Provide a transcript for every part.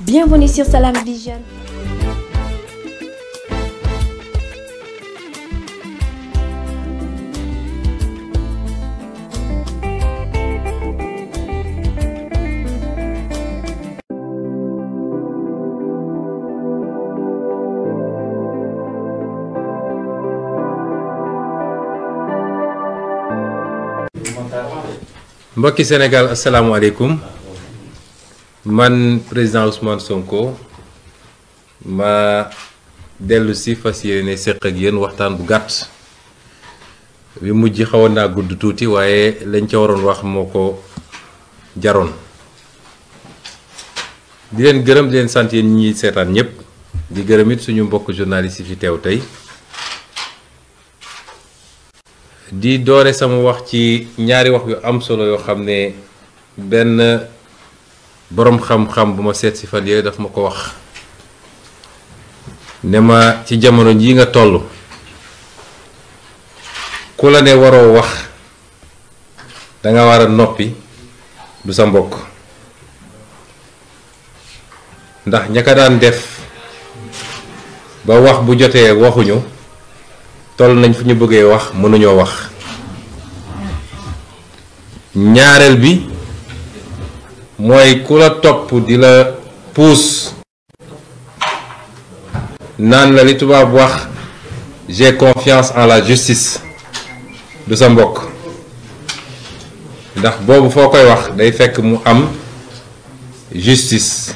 Bienvenue sur Salam Vision. mbokki Sénégal asalaamaaleykum man président Ousmane Sonko ma dellu si fas yéene séq ak yéen waxtaan bu gàtt bi mujj xawoon naa gudd tuuti waaye lañ ca waroon wax moo ko jaroon di leen gërëm leen sant yéen ñi ñuy seetaan ñëpp di gërëmit suñu mbokk journaliste yi fi teew tey di doore sama wax ci ñaari wax yu am solo yoo xam ne benn boroom xam-xam bu ma seetsi si fan yooyu daf ma ko wax ne ma ci jamono ji nga toll ku la ne waroo wax danga war a noppi du sa mbokk ndax ña ko daan def ba wax bu jotee waxuñu toll nañ fu ñu bëggee wax mënuñoo wax ñaareel bi mooy ku la topp di la puus naan la li tubaab wax j'ai confiance en la justice du sa mbokk ndax boobu foo koy wax day fekk mu am justice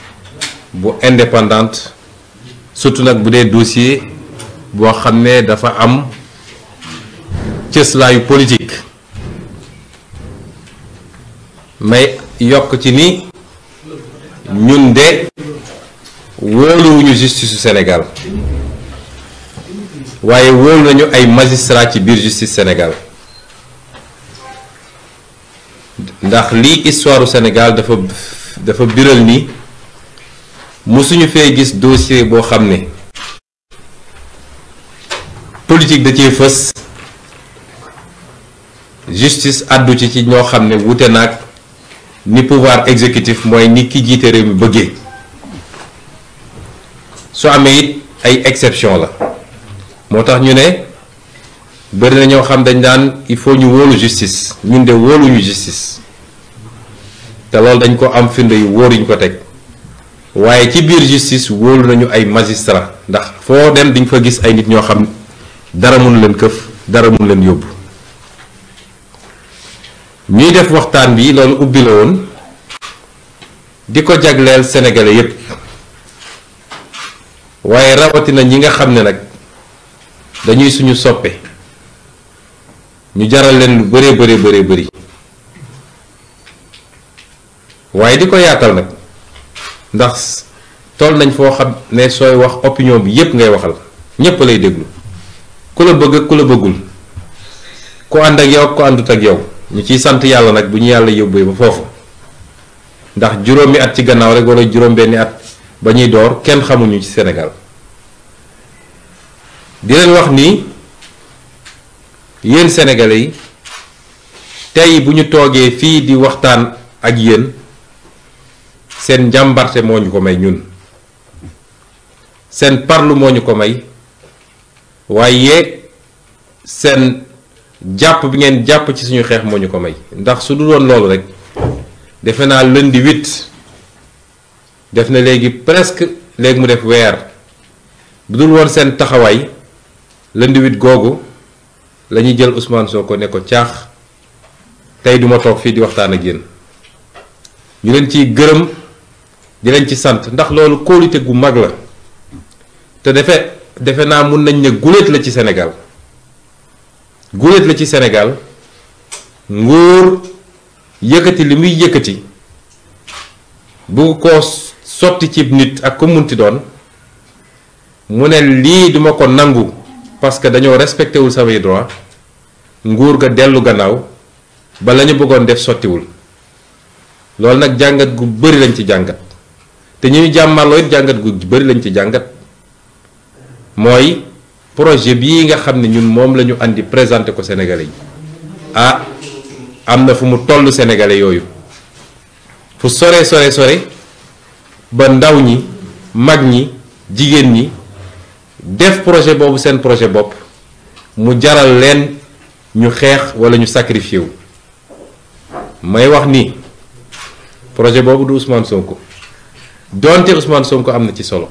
bu independante surtout nag bu dee dossier boo xam ne dafa am cëslaayu politique may yokk ci ni ñun de wóoluwuñu justice u Sénégal waaye wóolu nañu ay magistrat ci biir justice senegal ndax lii histoire senegal Sénégal dafa dafa biral ni mësuñu fee gis dossier boo xam ne politique da cee fës justice àddu ci ci ñoo xam ne wute naag ni pouvoir exécutif mooy ni ki jiite réew mi bëggee su amee it ay exception la moo tax ñu ne bëri na ñoo xam dañ daan il faut ñu wóolu justice ñun de wóoluñu justice te loolu dañ ko am firnde yu wóor yuñ ko teg waaye ci biir justice wóolu nañu ay magistrat ndax foo dem diñ ko gis ay nit ñoo xam dara mun leen këf dara mun leen yóbbu ñuy def waxtaan bi loolu ubbi la woon di ko jagleel sénégalais yépp waaye rawatina ñi nga xam ne nag dañuy suñu soppe ñu jaral leen lu bëree bëree bëree bëri waaye di ko yaatal nag ndax toll nañ foo xam ne sooy wax opinion bi yépp ngay waxal ñépp lay déglu ku la bëgg ku la bëggul ku ànd ak yow ku àndut ak yow ñu ciy sant yàlla nag bu ñu yàlla yóbbee ba foofu ndax juróomi at ci gannaaw rek wala juróom-benni at ba ñuy door kenn xamuñu ci senegal di leen wax ni yéen senegale yi tey bu ñu toogee fii di waxtaan ak yéen seen njàmbarte moo ñu ko may ñun seen parlu moo ñu ko may waaye seen jàpp bi ngeen jàpp ci suñu xeex moo ñu ko may ndax su dul woon loolu rek defe naa lundi huit def na léegi presque léegi mu def weer bu dul woon seen taxawaay lundi huit googu lañuy ñuy jël Ousmane Sonko ne ko caax tey duma toog fii di waxtaan a yéen ñu leen ciy gërëm di leen ci sant ndax loolu kóolute gu mag la te defe defe naa mun nañ ne guléet la ci senegal guléet la ci senegal nguur yëkkati li muy yëkkati bu ko sotti ci nit ak ko munti doon mu ne lii duma ko nangu parce que dañoo respecté wul samay droit nguur ga dellu gannaaw ba la ñu bëggoon def sottiwul loolu nag jàngat gu bari lañ ci jàngat te ñuy jàmmaloo it jàngat gu bari lañ ci jàngat mooy projet bii nga xam ne ñun moom la ñu andi présenté ko Sénégalais yi ah am na fu mu toll Sénégalais yooyu fu sore sore sore ba ndaw ñi mag ñi jigéen ñi def projet boobu seen projet bopp mu jaral leen ñu xeex wala ñu sacrifié wu may wax ni projet boobu du Ousmane Sonko donte Ousmane Sonko am na ci solo.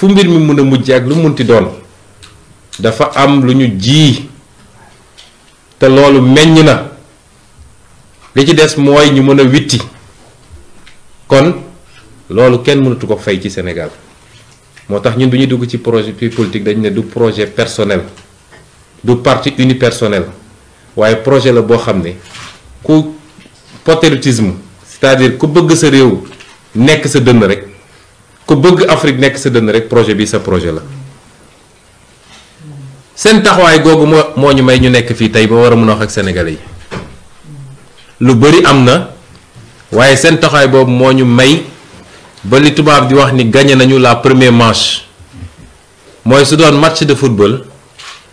fu mbir mi mën a mujj ak lu munti doon dafa am lu ñu ji te loolu meññ na li ci des mooy ñu mën a witti kon loolu kenn mënatu ko fay ci Sénégal moo tax ñun bu ñuy dugg ci projet politique dañ ne du projet personnel du parti personnel waaye projet la boo xam ne ku patriotisme cest à ku bëgg sa réew nekk sa dënn rek ku bëgg Afrique nekk sa dënn rek projet bi sa projet la seen taxawaay googu moo moo ñu may ñu nekk fii tey ba war a mën a wax ak sénégalais yi lu bëri am na waaye seen taxawaay boobu moo ñu may ba tubaab di wax ni gagné nañu la premier manche mooy su doon match de football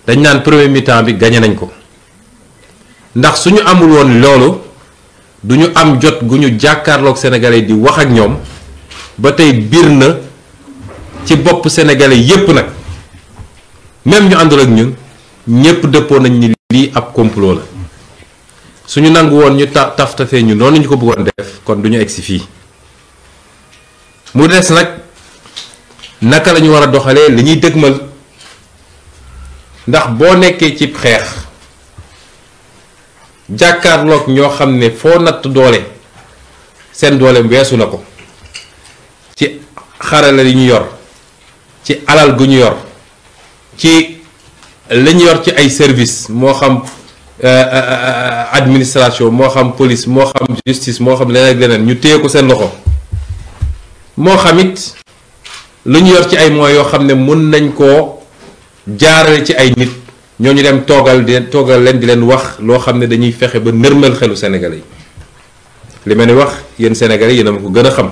dañ naan premier mi bi gañe nañ ko ndax su ñu amul woon loolu du ñu am jot gu ñu jàkkaarloog sénégalais di wax ak ñoom. ba tey biir na ci bopp sénégalais yépp nag même ñu àndul ak ñun ñépp dëppoo nañ ni lii ab complot la suñu nangu woon ñu ta taf tafee ñu noonu ñu ko bëggoon def kon du ñu egsi fii mu des nag naka lañu ñu war a doxalee li ñuy dëgmal ndax boo nekkee ci xeex jàkkaarloog ñoo xam ne foo natt doole seen doole weesu na ko ci xarala yi ñu yor ci alal gu ñu yor ci li ñu yor ci ay service moo xam euh, euh, euh, administration moo xam police moo xam justice moo xam leneen ak leneen ñu téye ko seen loxo moo xamit lu ñu yor ci ay moyens yoo xam ne mën nañ koo jaarale ci ay nit ñoo ñu dem toogal di toogal leen di leen wax loo xam ne dañuy fexe ba nërmal xelu Sénégalais yi li ma ne wax yéen Sénégalais yi a ko gën a xam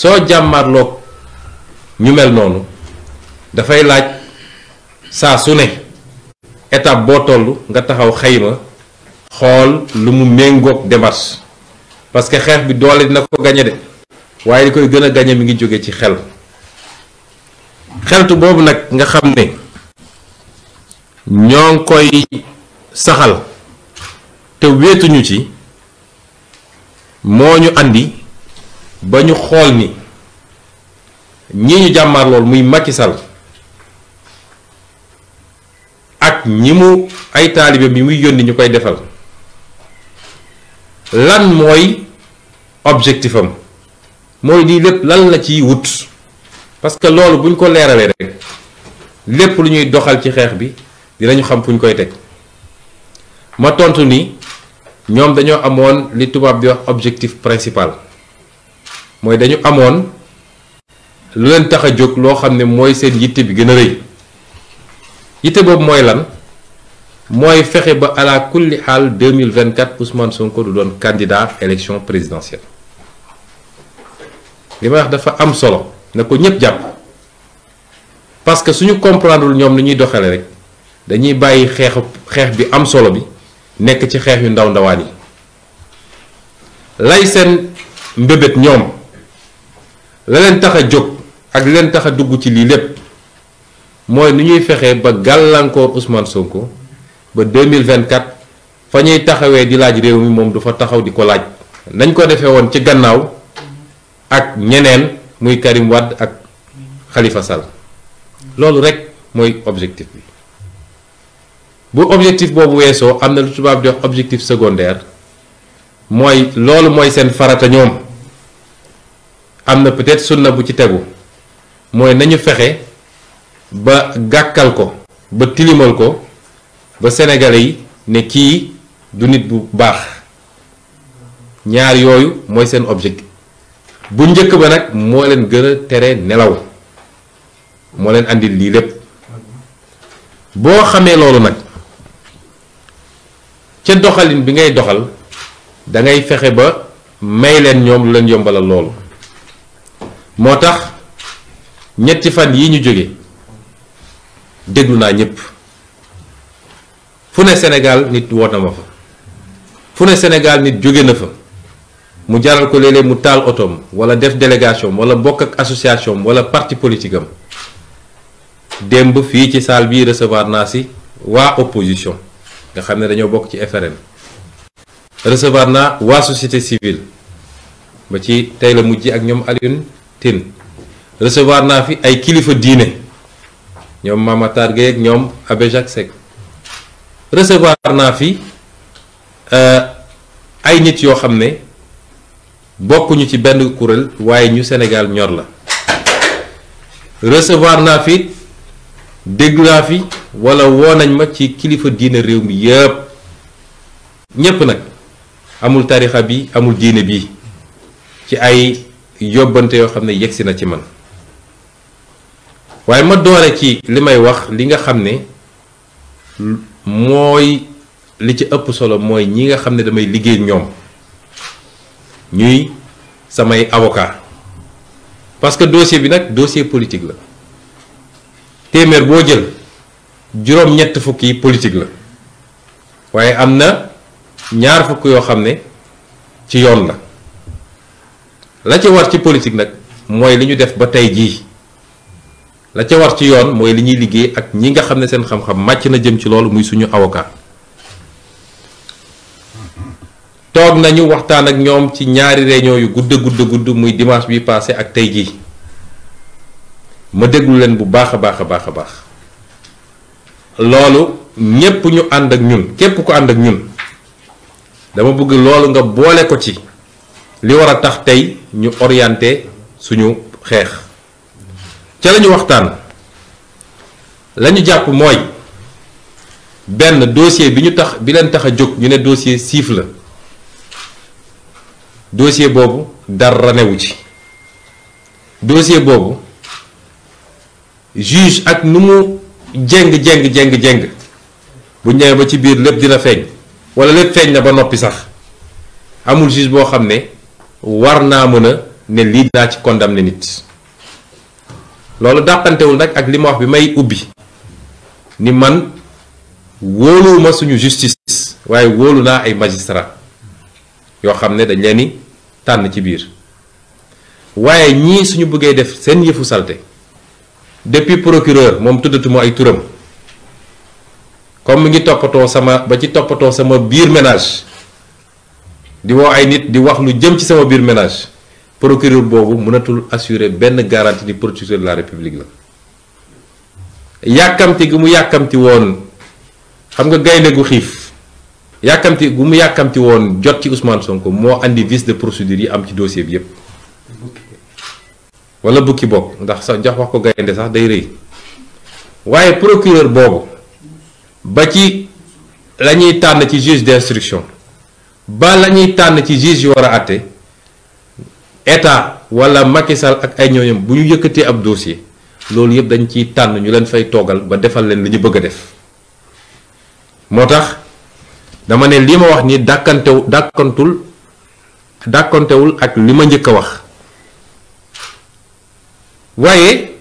soo jàmmarloog ñu mel noonu dafay laaj saa su ne étape boo toll nga taxaw xayma xool lu mu méngoog démarche parce que xeex bi doole dina ko gañe de waaye li koy gën a gañe mi ngi jóge ci xel xeltu boobu nag nga xam ne ñoo koy saxal te wetuñu ci moo ñu andi ba ñu xool ni ñi ñu jàmmaar lool muy Macky ak ñi mu ay taalibe bi muy yónni ñu koy defal lan mooy objectif am mooy lii lépp lan la ciy wut parce que loolu buñ ko leeralee rek lépp lu ñuy doxal ci xeex bi dinañu xam fu ñu koy teg ma tontu ni ñoom dañoo amoon li tubaab bi wax objectif principal mooy dañu amoon lu leen tax a jóg loo xam ne mooy seen yitte bi gën a rëy yitte boobu mooy lan mooy fexe ba ala kulli xaal 2024 Ousmane Sonko du doon candidat élection présidentielle li ma wax dafa am solo ne ko ñëpp jàpp parce que suñu comprendrewul ñoom ni ñuy doxale rek dañuy bàyyi xeexu xeex bi am solo bi nekk ci xeex yu ndaw ndawaan yi lay seen mbébét ñoom la leen tax a jóg ak leen tax a dugg ci lii lépp mooy ni ñuy fexee ba gàllankoor Ousmane Sonko ba 2024 fa ñuy taxawee di laaj réew mi moom du fa taxaw di ko laaj nañ ko defee woon ci gannaaw ak ñeneen muy Karim Wade ak xalifa sal loolu rek mooy objectif bi bu objectif boobu weesoo am na lu tubaab jox wax objectif secondaire mooy loolu mooy seen farata ñoom am na peut-être sunna bu ci tegu mooy nañu fexe ba gàkkal ko ba tilimal ko ba sénégalais yi ne kii du nit bu baax ñaar yooyu mooy seen objectif bu njëkk ba nag moo leen gën a tere nelaw moo leen indi lii lépp boo xamee loolu nag ca doxalin bi ngay doxal da ngay fexe ba may leen ñoom lu leen yombalal loolu moo tax ñetti fan yi ñu jóge déglu naa ñépp fu ne Sénégal nit woota fa fu ne Sénégal nit jóge na fa mu jaral ko léeg mu taal otoom wala def délégation walla bokk ak association wala parti politikam am démb fii ci salle bii recevoir naa si waa opposition nga xam ne dañoo bokk ci FRN recevoir naa waa société civile ba ci tey la mujj ak ñoom Alioune tin recevoir naa fi ay kilifa diine ñoom Mama Matar ñoom Abbé Jacques Seck naa fi euh, ay nit yoo xam ne bokkuñu ci benn kuréel waaye ñu Sénégal ñor la recevoir naa fi déglu naa fi walla woo nañ ma ci kilifa diine réew mi yépp ñépp nag amul tarixa bi amul diine bi ci ay yóbbante yoo xam ne yegsi na ci man waaye ma doore ci li may wax li nga xam ne mooy li ci ëpp solo mooy ñi nga xam ne damay liggéey ñoom ñuy samay avocat parce que dossier bi nag dossier politique la téeméer boo jël juróom-ñett fukk yi la waaye am na ñaar fukk yoo xam ne ci yoon la la ca war ci politique nag mooy li ñu def ba tey jii la ca war ci yoon mooy li ñuy liggéey ak ñi nga xam ne seen xam-xam màcc na jëm ci loolu muy suñu avocat toog nañu waxtaan ak ñoom ci ñaari réunion yu gudd gudd gudd muy dimanche bi passé ak tey jii ma déglu leen bu baax a baax a baax a baax loolu ñépp ñu ànd ak ñun képp ku ànd ak ñun dama bëgg loolu nga boole ko ci li war a tax tey ñu orienté suñu xeex ca lañu waxtaan la ñu jàpp mooy benn dossier bi ñu tax bi leen tax a jóg ñu ne dossier siif la dossier boobu dara newu ci dossier boobu juge ak nu mu jeng jeng jeng jeng bu ñëwee ba ci biir lépp dina feeñ wala lépp feeñ na ba noppi sax amul juge boo xam ne war naa mën a ne lii daa ci condamné nit loolu dàqantewul nag ak li wax bi may ubbi ni man wóoluwuma suñu justice waaye wóolu naa ay magistrat yoo xam ne dañ leen di tànn ci biir waaye ñii suñu bëggee def seen yëfu salte depuis procureur moom tuddatuma ay turam comme mi ngi toppatoo sama ba ci toppatoo sama biir ménage di woo ay nit di wax lu jëm ci sama biir ménage procureur boobu mënatul assurer benn garanti ni procureur la république la yàkkamti gu mu yàkkamti woon xam nga gaynde gu xiif yàkkamti gu mu yàkkamti woon jot ci Ousmane sonk moo indi vice de procédure yi am ci dossier bi yépp wala bukki bokk ndax sa jox wax ko gaynde sax day rëy waaye procureur boobu ba ci la ñuy tànn ci juge d'instruction ba la ñuy tànn ci juge yi war a àtte état wala Macky Sall ak ay ñooñam bu ñu yëkkatee ab dossier loolu yëpp dañ ciy tànn ñu leen fay toogal ba defal leen li ñu bëgg a def moo tax dama ne li ma wax ni dàkkantew dàkkantul dàkkantewul ak li ma njëkk a wax waaye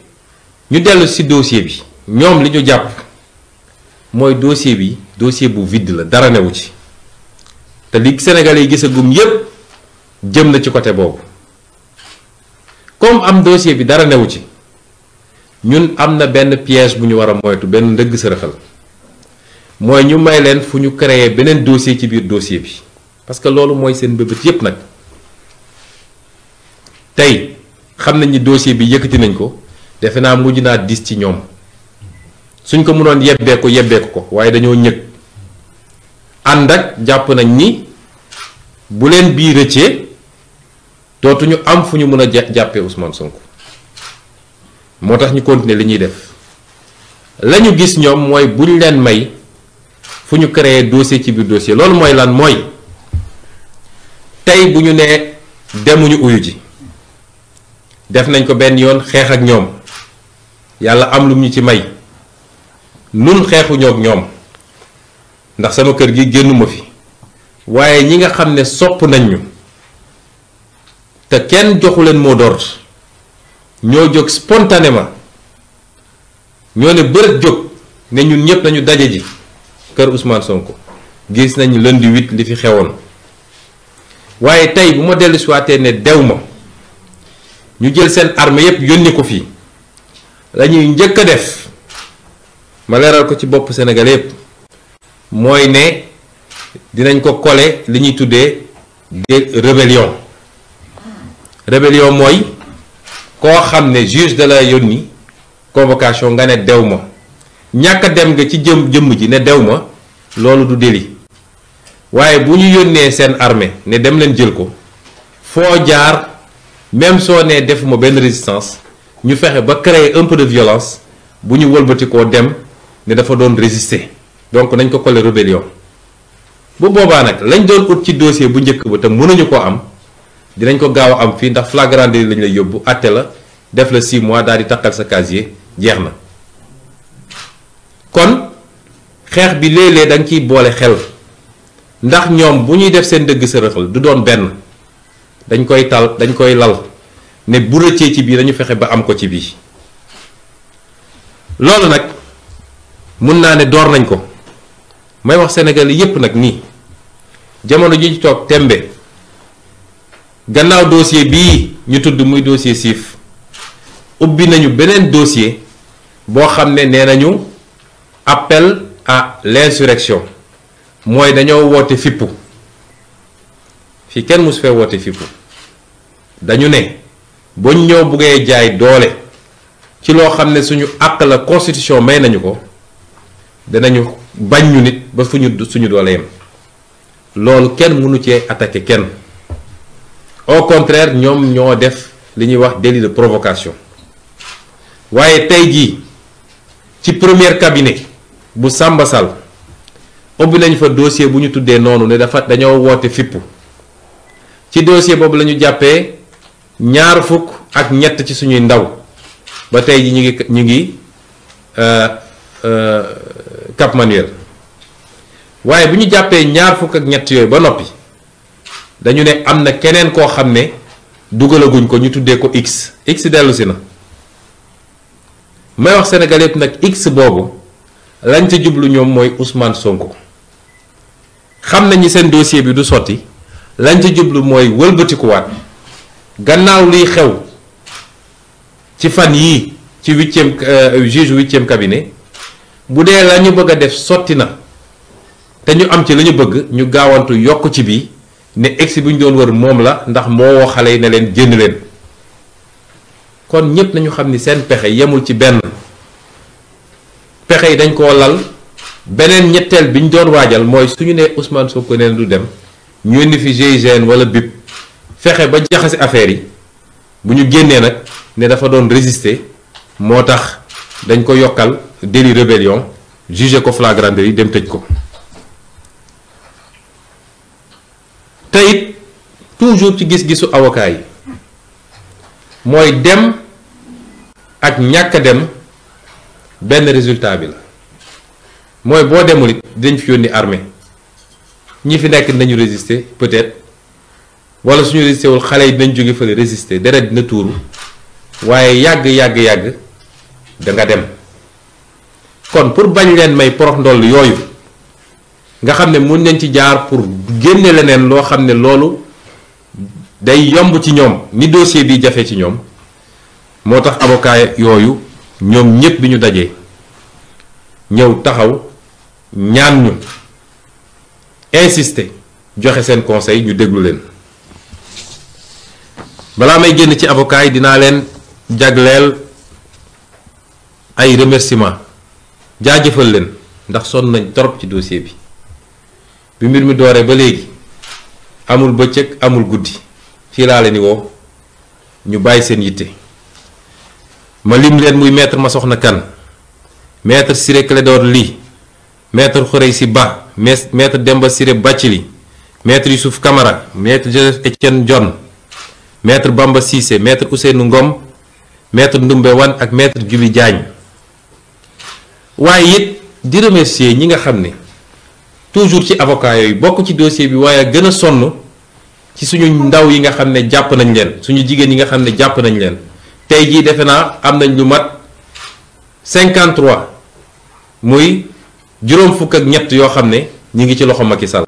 ñu dellu ci dossier bi ñoom li ñu jàpp mooy dossier bi dossier bu vide la dara newu ci te li Sénégalais yi gisagum yépp jëm na ci côté boobu comme am dossier bi dara newu ci ñun am na benn piège bu ñu war a moytu benn ndëgg sërëxal mooy ñu may leen fu ñu créer beneen dossier ci biir dossier bi parce que loolu mooy seen mbébét yépp nag tey xam nañ ni dossier bi yëkkati nañ ko defe naa mujj naa dis ci ñoom suñ ko mënoon yebbee yebbeeku yebbee ko ko waaye dañoo ñëg ànd ak jàpp nañ ni bu leen biir rëccee dootuñu am fu ñu mën a jàppee Ousmane Sonko moo tax ñu continuer li ñuy def la ñu gis ñoom mooy buñ leen may fu ñu créer dossier ci biir dossier loolu mooy lan mooy tey bu ñu nee demuñu uyu ji def nañ ko benn yoon xeex ak ñoom yàlla am lu ñu ci may nun xeexu ak ñoom. ndax sama kër gi ma fi waaye ñi nga xam ne sopp nañ ñu te kenn joxu leen moo d'ordre ñoo jóg ma ñoo ne bërët jóg ne ñun ñëpp nañu daje ji kër Ousmane Sonko gis nañ lundi huit li fi xewoon waaye tey bu ma dellu siwaatee ne dew ma ñu jël seen armée yépp yónni ko fii la njëkk a def ma leeral ko ci bopp senegal yépp mooy ne dinañ ko kole li ñuy tuddee des rébellion mooy koo xam ne juge da la yónni convocation nga ne dew ma ñàkk dem nga ci jëm jëmm ji ne dew ma loolu du délit waaye bu ñu yónnee seen armée ne dem leen jël ko foo jaar même soo nee defuma benn résistance ñu fexe ba créer un de violence bu ñu wëlbatikoo dem ne dafa doon résister donc nañ ko coller rébellion bu boobaa nag lañ doon ut ci dossier bu njëkk ba te nañu ko am dinañ ko gaaw a am fii ndax flagrant délit lañ lay yóbbu àtte la def la 6 mois daal di takkal sa casier jeex na kon xeex bi léeg-léeg da nga ciy boole xel ndax ñoom bu ñuy def seen dëgg sa du doon benn dañ koy tal dañ koy lal ne bu rëccee ci biir dañu fexe ba am ko ci bii loolu nag mun naa ne door nañ ko may wax Sénégal yépp nag nii jamono ji ñu toog tembe gannaaw dossier bii ñu tudd muy dossier siif ubbi nañu beneen dossier boo xam ne nee nañu appel à l'insurrection mooy dañoo woote fippu fii kenn mosu fee woote fippu dañu ne ba ñoo buggee jaay doole ci loo xam ne suñu àq la constitution may nañu ko danañu bañ ñu nit ba suñu suñu doole yem loolu kenn mënu cee attaquer kenn au contraire ñoom ñoo def li ñuy wax délit de provocation waaye tey jii ci première cabinet bu Samba Sall ubbi nañ fa dossier bu ñu tuddee noonu ne dafa dañoo woote fippu ci dossier boobu la jàppee ñaar fukk ak ñett ci suñuy ndaw ba tey ji ñu ngi ñu ngi euh, euh, Cap Manuel waaye bu ñu jàppee ñaar fukk ak ñett yooyu ba noppi dañu ne am na keneen koo xam ne dugalaguñ ko ñu tuddee ko x x dellu si na may wax Sénégal nag x boobu lañ ca jublu ñoom mooy Ousmane Sonko xam na nañu seen dossier bi du sotti lañ ca jublu mooy wëlbatikuwaat gannaaw liy xew ci fan yi ci huitième euh, juge huitième bu dee la ñu bëgg a def sotti na te ñu am ci la ñu bëgg ñu gaawantu yokk ci bi ne egsi bi ñu doon wër moom la ndax moo woo xale yi ne leen génn leen kon ñépp nañu xam ni seen pexe yemul ci benn pexe yi dañ ko lal beneen ñetteel bi ñu doon waajal mooy suñu nee Ousmane Sonko neen du dem ñu indi fi GIGN wala BIP fexe ba jaxase affaire yi bu ñu génnee nag ne dafa doon résister moo tax dañ ko yokkal délit rébellion jugé ko flagrant yi dem tëj ko te it toujours ci gis-gisu avocat yi mooy dem ak ñàkk dem benn résultat bi la mooy boo demul it dinañ fi yónni armée ñi fi nekk nañu résister peut-être wala suñu résister wul xale yi dinañ jóge fële résister deret dina tuuru waaye yàgg yàgg yàgg danga dem. kon pour bañ leen may porox ndoll yooyu nga xam ne mun nañ ci jaar pour génne leneen loo xam ne loolu day yomb ci ñoom ni dossier bi jafe ci ñoom moo tax avocat yooyu ñoom ñépp bi ñu dajee ñëw taxaw ñaan ñu insister joxe seen conseil ñu déglu leen balaa may génn ci avocat yi dinaa leen jagleel ay remerciements jaajëfal leen ndax sonn nañ torop ci dossier bi bi mbir mi dooree ba léegi amul bëccëg amul guddi fii laa di woo ñu bàyyi seen yitte ma lim leen muy ma maître Massokhna Kane maître Ciré Clédor Ly maître si Ba maître Demba Ciré Bathily maître Youssouf Camara maître Joseph Étienne Dione maître Bamba Cissé maître Ousseynou Ngom maître Ndoumbé Wane ak maître Djibi jaañ waaye yit di remercier ñi nga xam ni toujours ci avocat yooyu bokk ci dossier bi waaye gën a sonn ci suñu ndaw yi nga xam ne jàpp nañ leen suñu jigéen yi nga xam ne jàpp nañ leen tey jii defe naa am nañ lu mat 53 muy juróom fukk ak ñett yoo xam ne ñi ngi ci loxo Macky Sall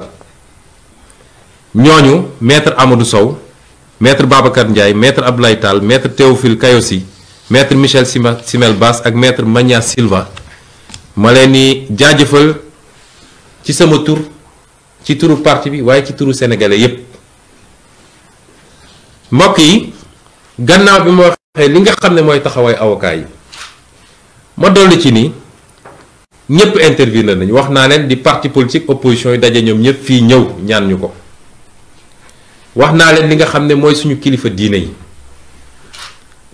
ñooñu maître Amadou Sow maître Babacar Ndiaye maître Abdoulaye Tall maître Théophile Kayosi maître sima Simel Bass ak maître Magna Silva ma leen ni jaajëfal ci sama tur ci turu parti bi waaye ci turu sénégalais yépp mbokk yi gannaaw bi ma waxee li nga xam ne mooy taxawaay avocat yi ma dolli ci ni ñépp intervenir nañu wax naa leen di parti politique opposition yi daje ñoom ñépp fii ñëw ñaan ñu ko wax naa leen li nga xam ne mooy suñu kilifa diine yi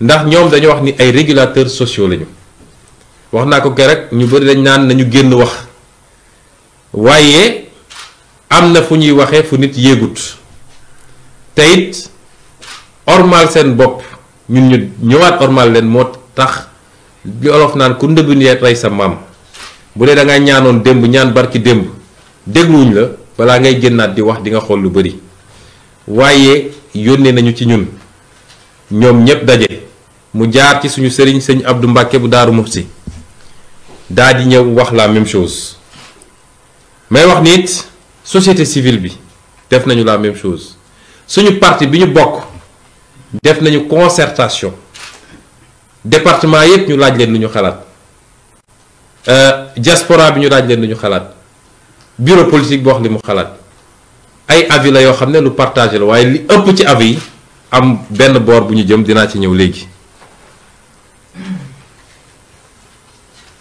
ndax ñoom dañu wax ni ay régulateurs sociaux lañu wax naa ko ke ñu bëri dañ naan nañu génn wax waaye am na fu ñuy waxee fu nit yéegut te it ormal seen bopp ñun ñu ñëwaat ormal leen moo tax li olof naan ku ndëbin yee rey sa maam bu dee da nga ñaanoon démb ñaan barki démb dégluwuñ la balaa ngay génnaat di wax di nga xool lu bari waaye yónnee nañu ci ñun ñoom ñépp daje mu jaar ci suñu sëriñ sëñ Abdou Mbàkke bu Daaru Muxti daa di ñëw wax la même chose may wax nit société civile bi def nañu la même chose suñu parti bi ñu bokk def nañu concertation département yépp ñu laaj leen lu ñu xalaat euh, diaspora bi ñu laaj leen lu ñu xalaat bureau politique bi wax li mu xalaat ay avis la yoo xam ne lu partage la waaye li ëpp ci avis yi am benn boor bu ñu jëm dinaa ci ñëw léegi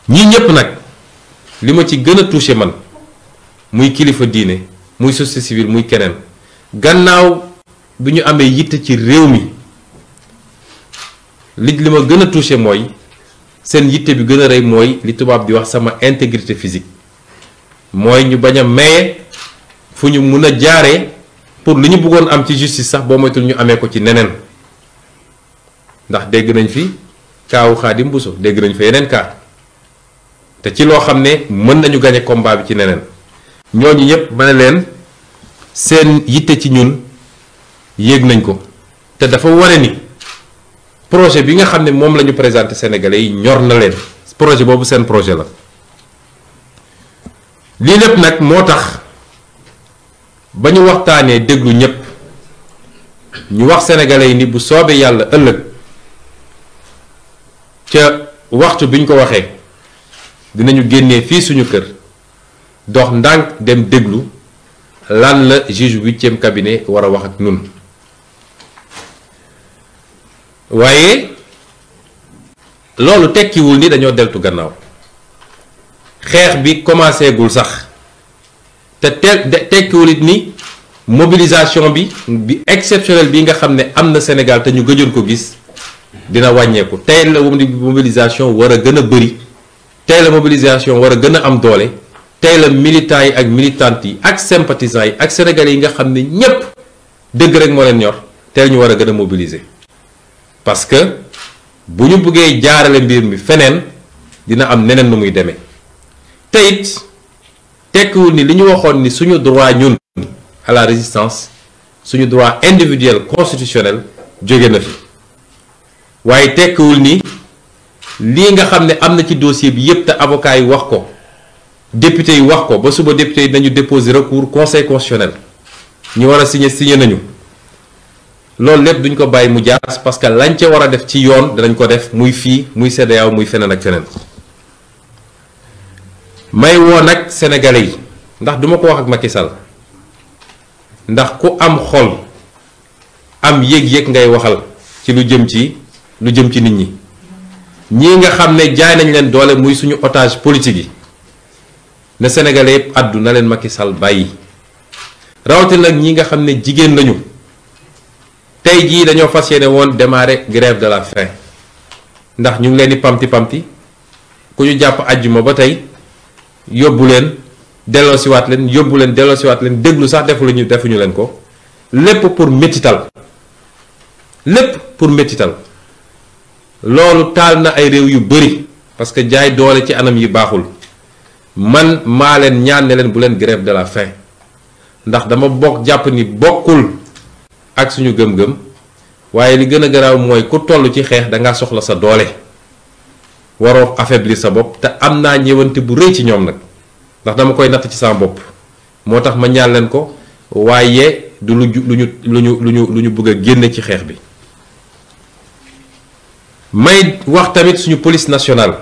ñii ñëpp nag li ma ci gën a touché man muy kilifa diine muy société civile muy keneen gannaaw bi ñu amee yitte ci réew mi li li ma gën a touché mooy seen yitte bi gën a rey mooy li tubaab di wax sama intégrité physique mooy ñu bañ a maye fu ñu mun a jaaree pour li ñu bëggoon am ci justice sax boo moytul ñu amee ko ci neneen ndax dégg nañ fi kaawu Xaadim Buso dégg nañ fa yeneen kaa te ci loo xam ne mën nañu gañe combat bi ci neneen ñooñu ñëpp ma ne leen seen yitte ci ñun yéeg nañ ko te dafa ware ni projet bi nga xam ne moom lañu ñu présenté Sénégalais yi ñor na leen projet boobu seen projet la lii lépp nag moo tax ba ñu waxtaanee déglu ñëpp ñu wax sénégalais yi ni bu soobee yàlla ëllëg ca waxtu bi ñu ko waxee dinañu génnee fii suñu kër dox ndànk dem déglu lan la juge huitième cabinet war a wax ak nun waaye loolu tekkiwul ni dañoo deltu gannaaw xeex bi commencé gul sax te tekkiwul it ni mobilisation bi bi exceptionnelle bi nga xam ne am na Sénégal te ñu gëjoon ko gis dina wàññeeku tey la mobilisation war a gën a bëri tey la mobilisation war a gën a am doole tey la militants yi ak militantes yi ak sympathisants yi ak sénégalais yi nga xam ne ñépp dëgg rek moo leen ñor tey ñu war a gën a mobiliser parce que bu ñu bëggee jaarale mbir mi feneen dina am neneen nu muy demee te tekkiwul ni li ñu waxoon ni suñu droit ñun à la résistance suñu droit individuel constitutionnel jóge na fi waaye tekkiwul ni lii nga xam ne am na ci dossier bi yépp te avocat yi wax ko député yi wax ko ba suba député yi dañu déposer recours conseil constitutionnel ñu war a signé signé nañu loolu lépp duñ ko bàyyi mu jaas parce que lañ ca war a def ci yoon danañ ko def muy fii muy CEDEAO muy feneen ak feneen may woo nag sénégalais yi ndax duma ko wax ak Macky Sall ndax ku am xol am yéeg-yéeg ngay waxal ci lu jëm ci lu jëm ci nit ñi ñi nga xam ne jaay nañ leen doole muy suñu otage politique yi ne sénégalais yëpp àddu na leen Macky sal bàyyi rawatina nag ñi nga xam ne jigéen lañu tey jii dañoo fas yéene woon démarrer grève de la faim ndax ñu ngi leen di pamti pamti ku ñu jàpp àjjuma ba tey yóbbu leen delloosiwaat leen yóbbu leen delloosiwaat leen déglu sax defu lañu defuñu leen ko lépp pour métital lépp pour métital loolu taal na ay réew yu bëri parce que jaay doole ci anam yi baaxul man maa leen ñaan leen bu leen grève de la faim ndax dama bokk jàpp ni bokkul ak suñu gëm-gëm waaye li gën a garaaw mooy ku tollu ci xeex da nga soxla sa doole waroo bi sa bopp te am naa ñëwante bu rëy ci ñoom nag ndax dama koy natt ci sama bopp moo tax ma ñaan leen ko waaye du lu lu ñu lu ñu lu ñu lu ñu bëgg a génne ci xeex bi may wax tamit suñu police nationale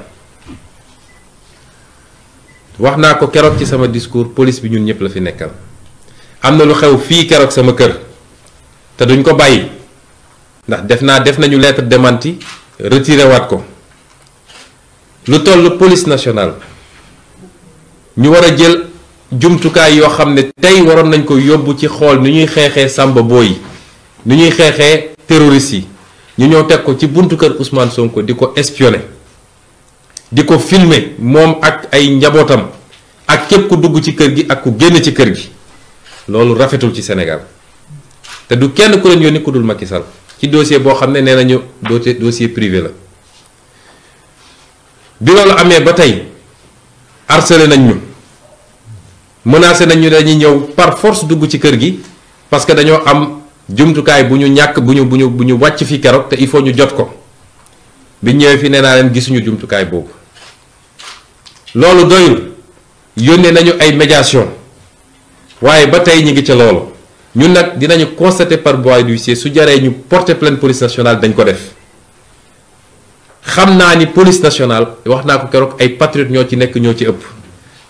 wax naa ko keroog ci sama discours police bi ñun ñëpp la fi nekkal am na lu xew fii keroog sama kër te duñ ko bàyyi ndax def naa def nañu lettre démenti retirewaat ko lu toll police nationale ñu war a jël jumtukaay yoo xam ne tey waroon nañ ko yóbbu ci xool ni ñuy xeexee sàmba yi ni ñuy xeexee terroristes yi ñu ñëw teg ko ci buntu kër Ousmane Sonko di ko espionné di ko filme moom ak ay njabootam ak képp ku dugg ci kër gi ak ku génn ci kër gi loolu rafetul ci Sénégal te du kenn ku leen yónni ku dul Macky Sall ci dossier boo xam ne nee nañu dossier dossier privé la bi loolu amee ba tey harcelé nañ ñu menacé nañ ñu dañuy ñëw par force dugg ci kër gi parce dañoo am. jumtukaay bu ñu ñàkk bu ñu bu ñu bu wàcc fi keroog te il faut ñu jot ko bi ñëwee fi nee naa leen gisuñu jumtukaay boobu loolu doyul yónnee nañu ay médiation waaye ba tey ñi ngi ca loolu ñun nag dinañu constater par voie d'huissier su jaree ñu porter plainte police nationale dañ ko def xam naa ni police nationale wax naa ko keroog ay patriotes ñoo ci nekk ñoo ci ëpp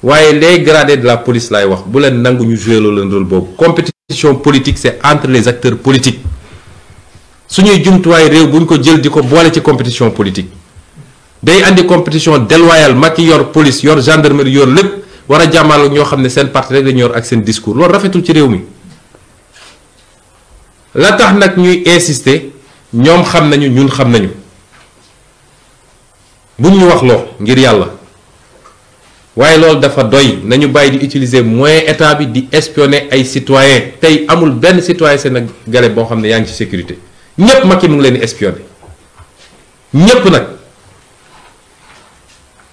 waaye les gradés de la police laay wax bu leen nangu ñu joué leen rôle boobu décision politique c'est entre les acteurs politiques suñuy jumtuwaay réew bu ñu ko jël di ko boole ci compétition politique day indi compétition déloyale Macky yor police yor gendarmerie yor lépp war a jàmmal ñoo xam ne seen parti rek dañu ak seen discours loolu rafetul ci réew mi la tax nag ñuy insister ñoom xam nañu ñun xam nañu buñ mu wax loo ngir yàlla waaye loolu dafa doy nañu bàyyi di utiliser moyen état bi di espionner ay citoyen tey amul benn citoyen sénégalais boo xam ne yaa ngi ci sécurité ñépp Macky mu ngi leen di espionner ñépp nag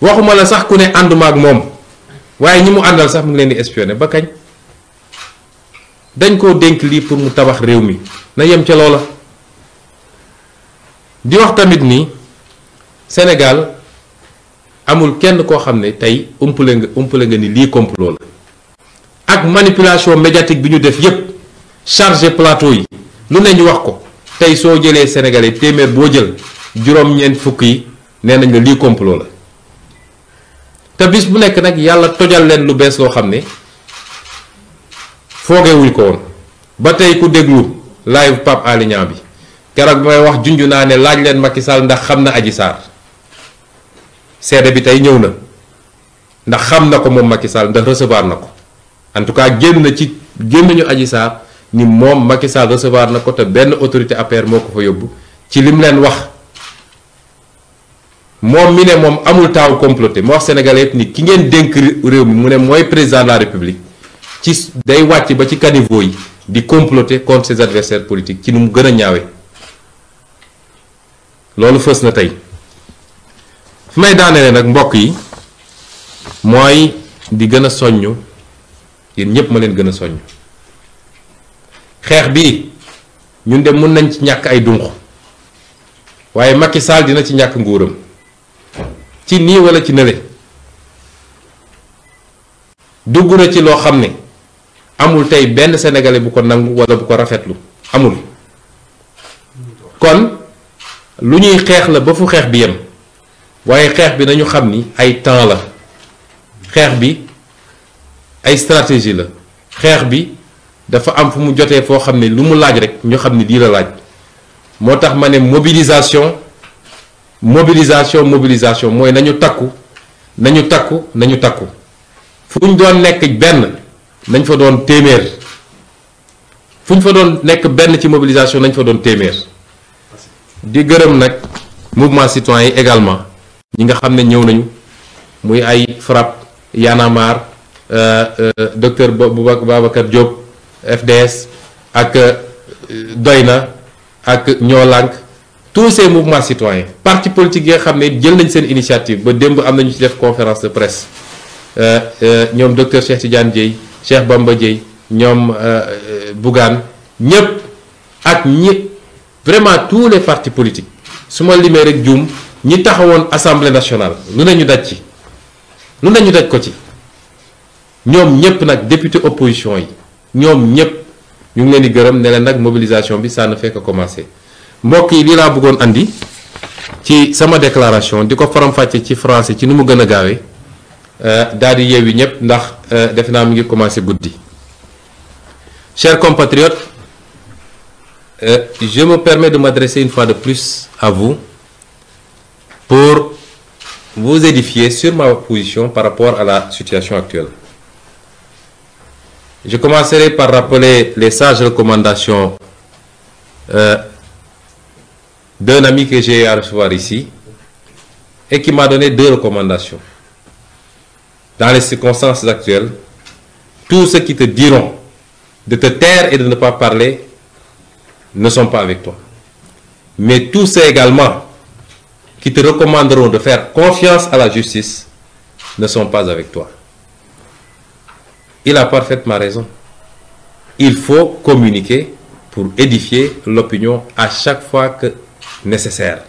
waxuma la sax ku ne ànduma ak moom waaye ñi mu àndal sax mu ngi leen di espionner ba kañ dañ koo dénk lii pour mu tabax réew mi na yem ca loola di wax tamit nii Sénégal amul kenn koo xam ne tey umpale nga umpale nga ni lii complot la ak manipulation médiatique bi ñu def yépp chargé plateau yi lu ne ñu wax ko tey soo jëlee sénégalais téeméer boo jël juróom-ñeent fukk yi nee nañ la lii complot la te bis bu nekk nag yàlla tojal leen lu bees loo xam ne foogewuñ ko woon ba tey ku déglu live Pape Alé bi keroog bi may wax junju naa ne laaj leen Macky ndax xam na aji Sarr seede bi tey ñëw na ndax xam na ko moom Macky Sall ndax recevoir na ko en tout cas génn na ci génn ñu Adji Sarr ni moom Macky Sall recevoir na ko te benn autorité APR moo ko fa yóbbu ci li mu leen wax moom mi ne moom amul taaw comploté moo wax Sénégalais yëpp ni ki ngeen dénk réew mi mu ne mooy président de la République ci day wàcc ba ci caniveau yi di comploter contre ses adversaires politique ci nu mu gën a ñaawe loolu fës na tey fi may daanelee nag mbokk yi mooy di gën a soññ yéen ñëpp ma leen gën a soññ xeex bi ñun de mun nañ ci ñàkk ay dunq waaye Macky Sall dina ci ñàkk nguuram ci nii wala ci nële dugg na ci loo xam ne amul tey benn sénégalais bu ko nangu wala bu ko rafetlu amul kon lu ñuy xeex la ba fu xeex bi yem. waaye xeex bi nañu xam ni ay temps la xeex bi ay stratégie la xeex bi dafa am fu mu jotee foo xam ne lu mu laaj rek ñu xam ni lii la laaj moo tax ma ne mobilisation mobilisation mobilisation mooy nañu takku nañu takku nañu takku fu ñu doon nekk benn nañ fa doon téeméer fu ñu fa doon nekk benn ci mobilisation nañ fa doon téeméer di gërëm nag mouvement citoyen yi également ñi nga xam ne ñëw nañu muy ay FRAPP yanamar euh, euh, docteur Babacar Diop FDS ak euh, Doyna ak Ñoo Lànk tous ces mouvements citoyens parti politique yi nga xam ne jël nañ seen initiative ba démb am nañu ci def conférence de presse ñoom docteur Cheikh Tidiane Dieye Cheikh Bamba Dieye ñoom Bougane ñépp ak ñi vraiment tous les partis politiques su ma ñi taxawoon assemblée nationale lu ne ñu daj ci lu ne ñu daj ko ci ñoom ñëpp nag député opposition yi ñoom ñëpp ñu ngi leen di gërëm ne leen nag mobilisation bi ça ne fait que commencer mbokk yi lii laa bëggoon indi ci sama déclaration di ko faram-fàcce ci français ci ni mu gën a gaawee euh, daal di yeewi ñëpp ndax euh, defe naa mu ngi commencer guddi. Chers compatriotes, euh, je me permets de m'adresser une fois de plus à vous. pour vous édifier sur ma position par rapport à la situation actuelle. Je commencerai par rappeler les sages recommandations euh, d'un ami que j'ai à recevoir ici et qui m'a donné deux recommandations. Dans les circonstances actuelles, tous ceux qui te diront de te taire et de ne pas parler ne sont pas avec toi. Mais tous ceux également qui te recommanderont de faire confiance à la justice ne sont pas avec toi. Il a parfaitement raison. Il faut communiquer pour édifier l'opinion à chaque fois que nécessaire.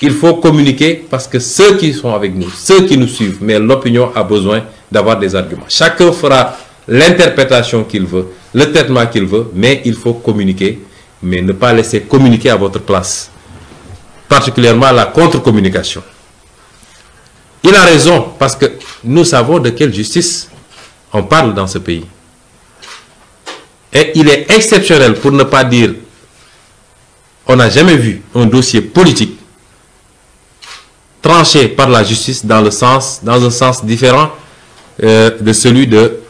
Il faut communiquer parce que ceux qui sont avec nous, ceux qui nous suivent, mais l'opinion a besoin d'avoir des arguments. Chacun fera l'interprétation qu'il veut, le traitement qu'il veut, mais il faut communiquer, mais ne pas laisser communiquer à votre place. particulièrement la contre-communication. Il a raison parce que nous savons de quelle justice on parle dans ce pays. Et il est exceptionnel, pour ne pas dire, on n'a jamais vu un dossier politique tranché par la justice dans, le sens, dans un sens différent euh, de celui de,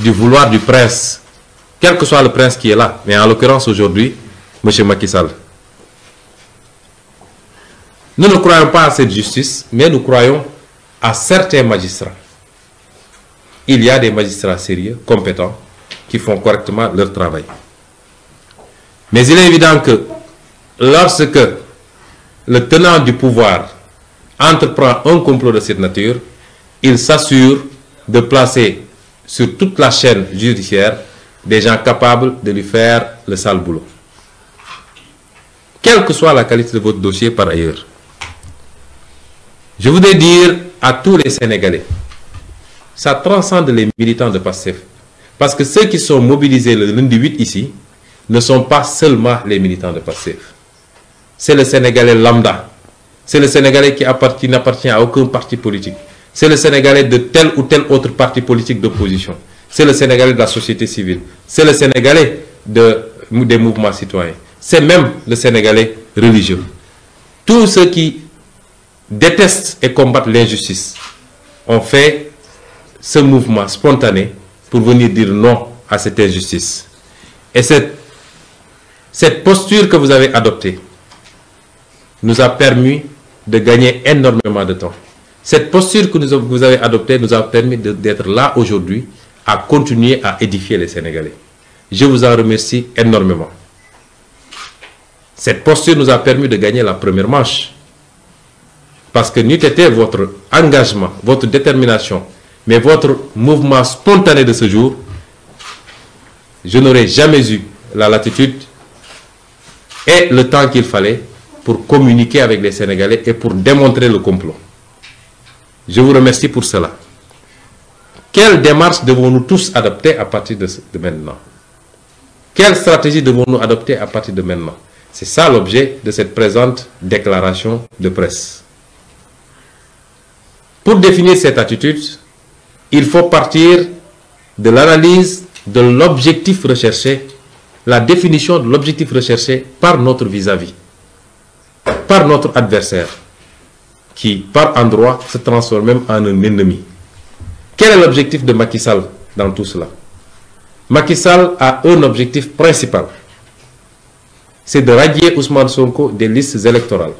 du vouloir du prince, quel que soit le prince qui est là, mais en l'occurrence aujourd'hui, monsieur Macky Sall. Nous ne croyons pas à cette justice, mais nous croyons à certains magistrats. Il y a des magistrats sérieux, compétents, qui font correctement leur travail. Mais il est évident que lorsque le tenant du pouvoir entreprend un complot de cette nature, il s'assure de placer sur toute la chaîne judiciaire des gens capables de lui faire le sale boulot. Quelle que soit la qualité de votre dossier par ailleurs, Je voudrais dire à tous les Sénégalais, ça transcende les militants de PASTEF. Parce que ceux qui sont mobilisés le lundi 8 ici ne sont pas seulement les militants de PASTEF. C'est le Sénégalais lambda. C'est le Sénégalais qui appartient, n'appartient à aucun parti politique. C'est le Sénégalais de tel ou tel autre parti politique d'opposition. C'est le Sénégalais de la société civile. C'est le Sénégalais de, des mouvements citoyens. C'est même le Sénégalais religieux. détestent et combattent l'injustice ont fait ce mouvement spontané pour venir dire non à cette injustice. Et cette, cette posture que vous avez adoptée nous a permis de gagner énormément de temps. Cette posture que, nous, que vous avez adoptée nous a permis d'être là aujourd'hui à continuer à édifier les Sénégalais. Je vous en remercie énormément. Cette posture nous a permis de gagner la première manche. Parce que n'eût été votre engagement, votre détermination, mais votre mouvement spontané de ce jour, je n'aurais jamais eu la latitude et le temps qu'il fallait pour communiquer avec les Sénégalais et pour démontrer le complot. Je vous remercie pour cela. Quelle démarche devons-nous tous adopter à partir de, de maintenant Quelle stratégie devons-nous adopter à partir de maintenant C'est ça l'objet de cette présente déclaration de presse. Pour définir cette attitude, il faut partir de l'analyse de l'objectif recherché, la définition de l'objectif recherché par notre vis-à-vis, par notre adversaire, qui par endroit se transforme même en un ennemi. Quel est l'objectif de Macky Sall dans tout cela Macky Sall a un objectif principal, c'est de radier Ousmane Sonko des listes électorales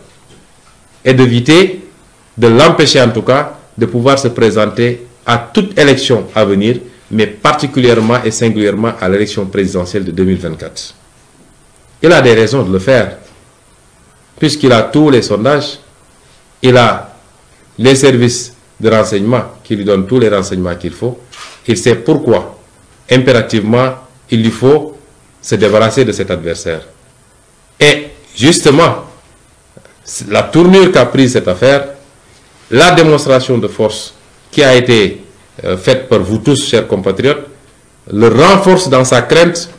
et d'éviter, de l'empêcher en tout cas, de pouvoir se présenter à toute élection à venir, mais particulièrement et singulièrement à l'élection présidentielle de 2024. Il a des raisons de le faire, puisqu'il a tous les sondages, il a les services de renseignement qui lui donnent tous les renseignements qu'il faut. Il sait pourquoi, impérativement, il lui faut se débarrasser de cet adversaire. Et justement, la tournure qu'a prise cette affaire la démonstration de force qui a été euh, faite par vous tous, chers compatriotes, le renforce dans sa crainte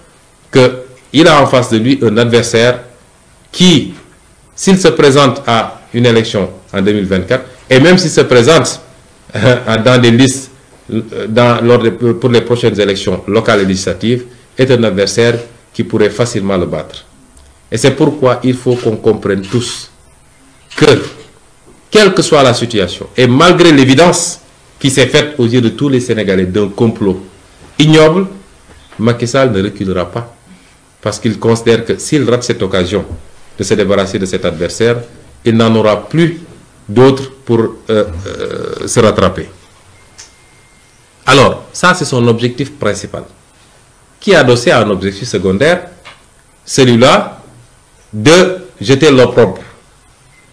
qu'il a en face de lui un adversaire qui, s'il se présente à une et même s'il se présente euh, dans des listes euh, dans, lors de, pour les prochaines élections locales et législatives, est un adversaire qui pourrait le battre. Et c'est pourquoi il faut qu'on tous quelle que soit la situation, et malgré l'évidence qui s'est faite aux yeux de tous les Sénégalais d'un complot ignoble, Macky Sall ne reculera pas. Parce qu'il considère que s'il rate cette occasion de se débarrasser de cet adversaire, il n'en aura plus d'autres pour euh, euh, se rattraper. Alors, ça c'est son objectif principal, qui est à un objectif secondaire, celui-là de jeter l'opprobre,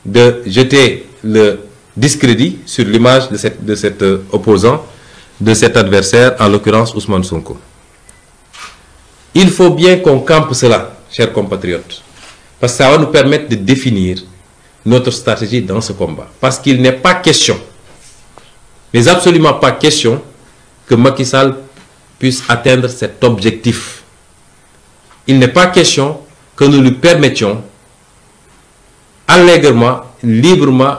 de jeter le discrédit sur l'image de, cette, de cet euh, opposant, de cet adversaire, en l'occurrence Ousmane Sonko. Il faut bien qu'on campe cela, chers compatriotes, parce que ça va nous permettre de définir notre stratégie dans ce combat. Parce qu'il n'est pas question, mais absolument pas question, que Macky Sall puisse atteindre cet objectif. Il n'est pas question que nous lui permettions allègrement, librement,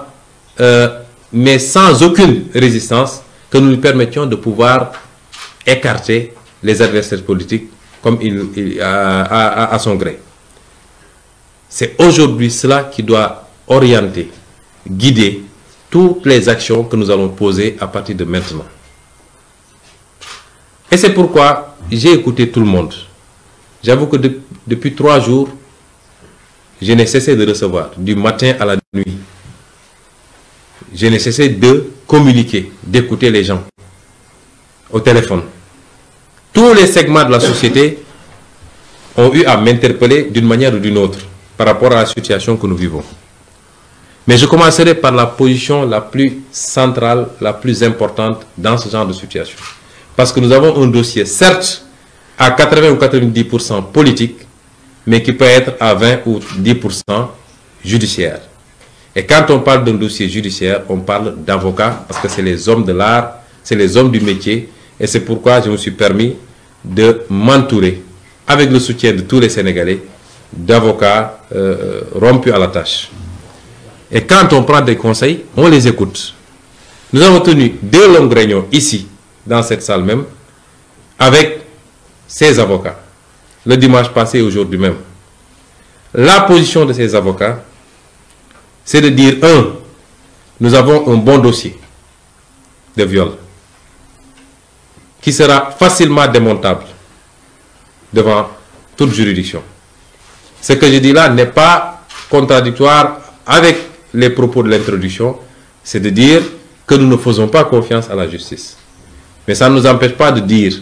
euh, mais sans aucune résistance, que nous lui permettions de pouvoir écarter les adversaires politiques comme il, il a, a, a, à son gré. C'est aujourd'hui cela qui doit orienter, guider toutes les actions que nous allons poser à partir de maintenant. Et c'est pourquoi j'ai écouté tout le monde. J'avoue que depuis trois jours, je n'ai cessé de recevoir, du matin à la nuit, je n'ai cessé de communiquer, d'écouter les gens au téléphone. Tous les segments la société ont à m'interpeller d'une manière ou d'une par rapport à la situation Mais je commencerai par la position la plus centrale, la plus importante dans ce genre de situation. Parce que nous avons un dossier, certes, à 80 ou 90% politique, mais qui peut être à 20 ou 10% judiciaire. Et quand on parle d'un dossier judiciaire, on parle d'avocats parce que c'est les hommes de l'art, c'est les hommes du métier. Et c'est pourquoi je me suis permis de m'entourer, avec le soutien de tous les Sénégalais, d'avocats euh, euh rompus à la tâche. Et quand on prend des conseils, on les écoute. Nous avons tenu deux longues réunions ici, dans cette salle même, avec ces avocats, le dimanche passé et aujourd'hui même. La position de ces avocats c'est de dire, un, nous avons un bon dossier de viol qui sera facilement démontable devant toute juridiction. Ce que je dis là n'est pas contradictoire avec les propos de l'introduction, c'est de dire que nous ne faisons pas confiance à la justice. Mais ça ne nous empêche pas de dire,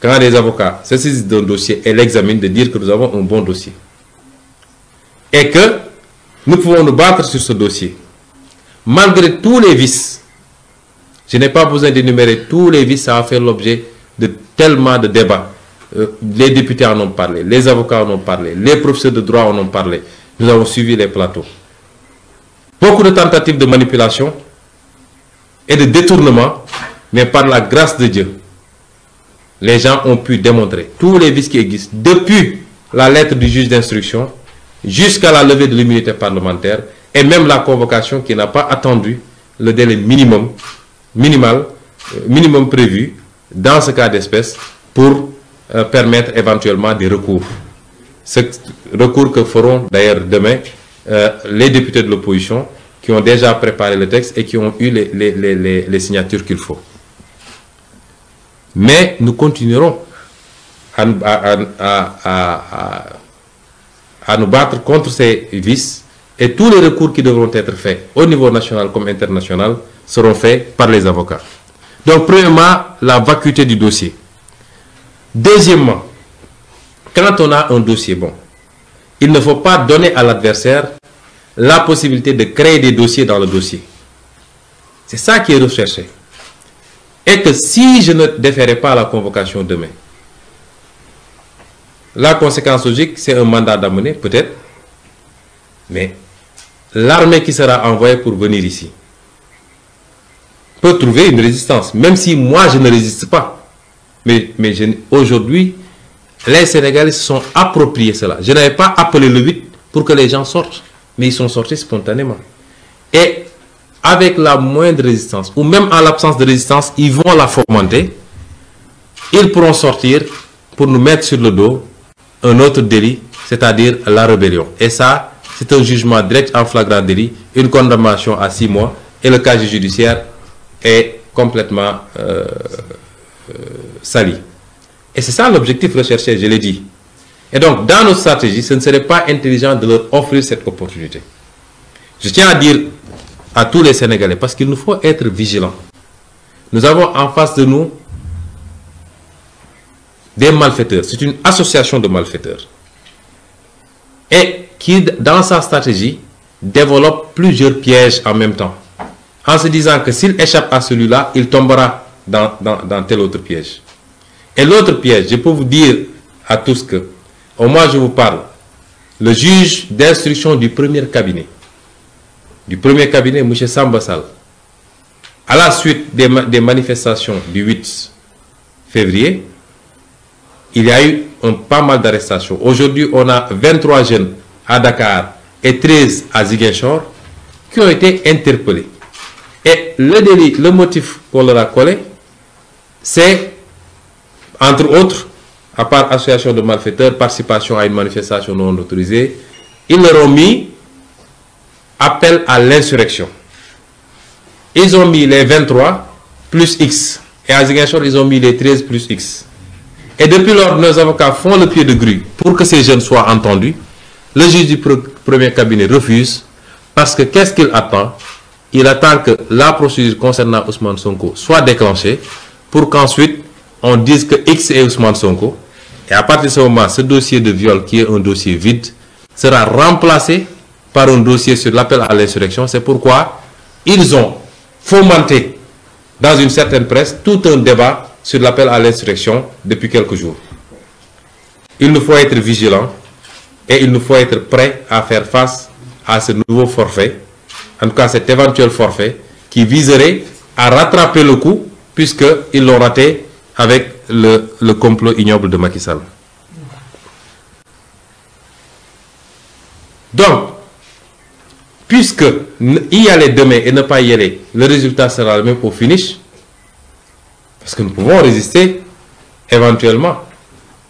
quand les avocats saisissent d'un dossier et l'examinent, de dire que nous avons un bon dossier. Et que Nous pouvons nous battre sur ce dossier. Malgré tous les vices, je n'ai pas besoin d'énumérer tous les vices, ça a fait l'objet de tellement de débats. Euh, les députés en ont parlé, les avocats en ont parlé, les professeurs de droit en ont parlé. Nous avons suivi les plateaux. Beaucoup de tentatives de manipulation et de détournement, mais par la grâce de Dieu, les gens ont pu démontrer tous les vices qui existent depuis la lettre du juge d'instruction jusqu'à la levée de l'immunité parlementaire et même la convocation qui n'a pas attendu le délai minimum, minimal, euh, minimum prévu dans ce cas d'espèce pour euh, permettre éventuellement des recours. Ce recours que feront d'ailleurs demain euh, les députés de l'opposition qui ont déjà préparé le texte et qui ont eu les, les, les, les signatures qu'il faut. Mais nous continuerons à, à à nous battre contre ces vices et tous les recours qui devront être faits au niveau national comme international seront faits par les avocats. Donc, premièrement, la vacuité du dossier. Deuxièmement, quand on a un dossier bon, il ne faut pas donner à l'adversaire la possibilité de créer des dossiers dans le dossier. C'est ça qui est recherché. Et que si je ne déférais pas la convocation La conséquence logique, c'est un mandat d'amener, peut-être, mais l'armée qui sera envoyée pour venir ici peut trouver une résistance, même si moi je ne résiste pas. Mais, mais aujourd'hui, les Sénégalais sont appropriés cela. Je n'avais pas appelé le 8 pour que les gens sortent, mais ils sont sortis spontanément. Et avec la moindre résistance, ou même en l'absence de résistance, ils vont la fomenter, ils pourront sortir pour nous mettre sur le dos un autre délit, c'est-à-dire la rébellion. Et ça, c'est un jugement direct en flagrant délit, une condamnation à six mois, et le casier judiciaire est complètement euh, euh, sali. Et c'est ça l'objectif recherché, je l'ai dit. Et donc, dans nos stratégies, ce ne serait pas intelligent de leur offrir cette opportunité. Je tiens à dire à tous les Sénégalais, parce qu'il nous faut être vigilants. Nous avons en face de nous des malfaiteurs. C'est une association de malfaiteurs. Et qui, dans sa stratégie, développe plusieurs pièges en même temps. En se disant que s'il échappe à celui-là, il tombera dans, dans, dans, tel autre piège. Et l'autre piège, je peux vous dire à tous que, au moins je vous parle, le juge d'instruction du premier cabinet, du premier cabinet, M. Sambassal, à la suite des, des manifestations du 8 février, il y a eu un, pas mal d'arrestations. Aujourd'hui, on a 23 jeunes à Dakar et 13 à Ziguinchor qui ont été interpellés. Et le le motif qu'on la a collé, c'est, entre autres, à part association de malfaiteurs, participation à une manifestation non autorisée, ils leur ont mis appel à l'insurrection. Ils ont mis les 23 plus X. Et à Ziguinchor, ils ont mis les plus X. Et depuis lors, nos avocats font le pied de grue pour que ces jeunes soient entendus. Le juge du premier cabinet refuse parce que qu'est-ce qu'il attend? Il attend que la procédure concernant Ousmane Sonko soit déclenchée pour qu'ensuite on dise que X est Ousmane Sonko. Et à partir de ce moment, ce dossier de viol qui est un dossier vide sera remplacé par un dossier sur l'appel à l'insurrection. C'est pourquoi ils ont fomenté dans une certaine presse tout un débat sur l'appel à l'insurrection depuis quelques jours. Il nous faut être vigilants et il nous faut être prêts à faire face à ce nouveau forfait, en tout cas cet éventuel forfait, qui viserait à rattraper le coup puisqu'ils l'ont raté avec le, le complot ignoble de Macky Donc, puisque y aller demain et ne pas y aller, le résultat sera le même au finish. Parce que nous pouvons résister éventuellement,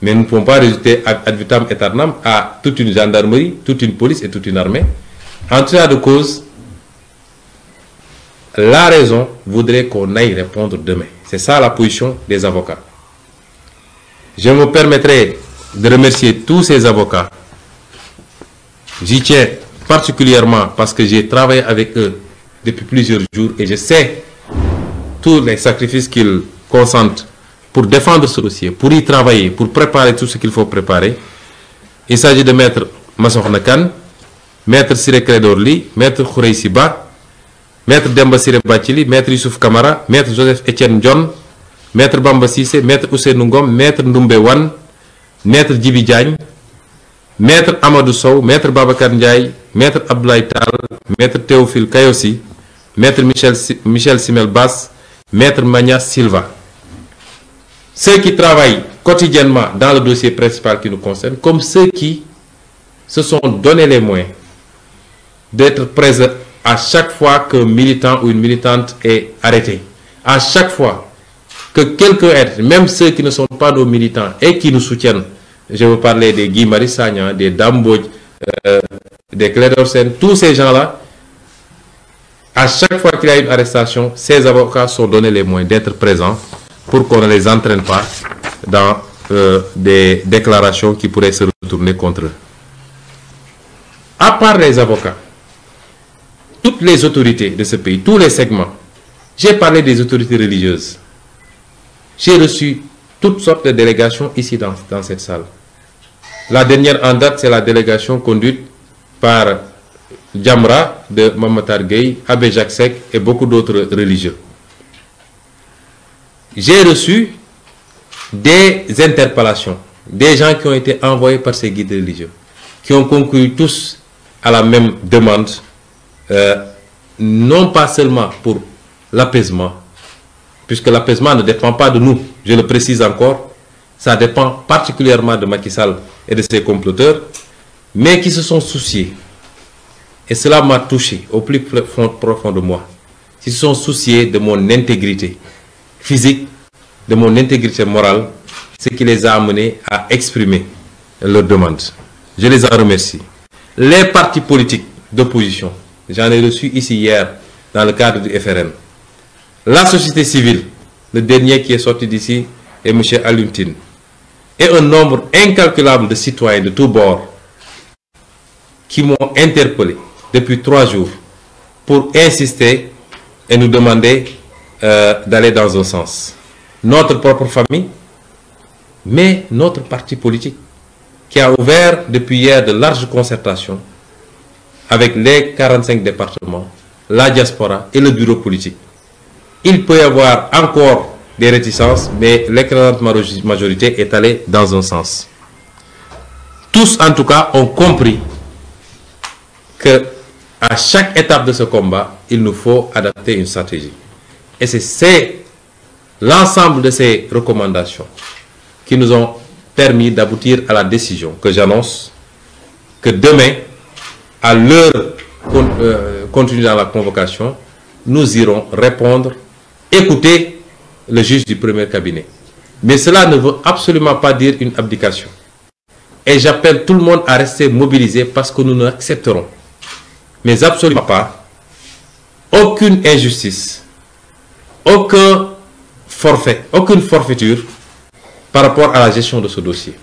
mais nous ne pouvons pas résister ad vitam aeternam à toute une gendarmerie, toute une police et toute une armée. En tout cas de cause, la raison voudrait qu'on aille répondre demain. C'est ça la position des avocats. Je me permettrai de remercier tous ces avocats. J'y tiens particulièrement parce que j'ai travaillé avec eux depuis plusieurs jours et je sais tous les sacrifices qu'ils concentre pour défendre ce dossier, pour y travailler, pour préparer tout ce qu'il préparer. Il de Maître Massokhna Kane, Maître Siré Clédor Ly, Maître Khouraïssi Ba, Maître Demba Ciré Bathily, Maître Youssouf Camara, Maître Joseph Étienne Dione, Maître Bamba Cissé, Maître Ousseynou Ngom, Maître Ndoumbe Wane, Maître Djibi Diagne, Amadou Sow, Maître Babacar Ndiaye, Maître Abdoulaye Tall, Maître Théophile Kayossi, Maître Michel Michel Simel Bass, Maître Magna Silva ceux qui travaillent quotidiennement dans le dossier principal qui nous concerne, comme ceux qui se sont donné les moyens d'être présents à chaque fois qu'un militant ou une militante est arrêté. À chaque fois que quelqu'un est, même ceux qui ne sont pas nos militants et qui nous soutiennent, je veux parler des Guy Marissagna, des Damboj, euh, des Clédorsen, tous ces gens-là, à chaque fois qu'il y a une arrestation, ces avocats sont donnés les moyens d'être pour qu'on ne les entraîne pas dans euh, des déclarations qui pourraient se retourner contre eux. À part les avocats, toutes les autorités de ce pays, tous les segments, j'ai parlé des autorités religieuses. J'ai reçu toutes sortes de délégations ici dans, dans cette salle. La dernière en date, c'est la délégation conduite par Jamra de Mamatar Gueye, Abbé Jacques Seck et beaucoup d'autres religieux. j'ai reçu des interpellations, des gens qui ont été envoyés par ces guides religieux, qui ont conclu tous à la même demande, euh, non pas seulement pour l'apaisement, puisque l'apaisement ne dépend pas de nous, je le précise encore, ça dépend particulièrement de Macky Sall et de ses comploteurs, mais qui se sont souciés, et cela m'a touché au plus profond de moi, qui se sont souciés de mon intégrité, physique, de mon intégrité morale, ce qui les a amenés à exprimer leurs demandes. Je les en remercie. Les partis politiques d'opposition, j'en ai reçu ici hier dans le cadre du FRN. La société civile, le dernier qui est sorti d'ici et M. Aluntine. Et un nombre incalculable de citoyens de tous bords qui m'ont interpellé depuis trois jours pour insister et nous demander euh, d'aller dans un sens. Notre propre famille, mais notre parti politique, qui a ouvert depuis hier de larges avec les 45 départements, la diaspora et le politique. Il peut y encore des mais l'écrasante majorité est allée dans un sens. Tous, en tout cas, ont compris que à chaque étape de ce il nous faut adapter une Et c'est l'ensemble de ces recommandations qui nous ont permis d'aboutir à la décision que j'annonce que demain, à leur euh, continue dans la convocation, nous irons répondre, écouter le juge du premier cabinet. Mais cela ne veut absolument pas dire une abdication. Et j'appelle tout le monde à rester mobilisé parce que nous n'accepterons, mais absolument pas, aucune injustice aucun forfait, aucune forfaiture par rapport à la gestion de ce dossier.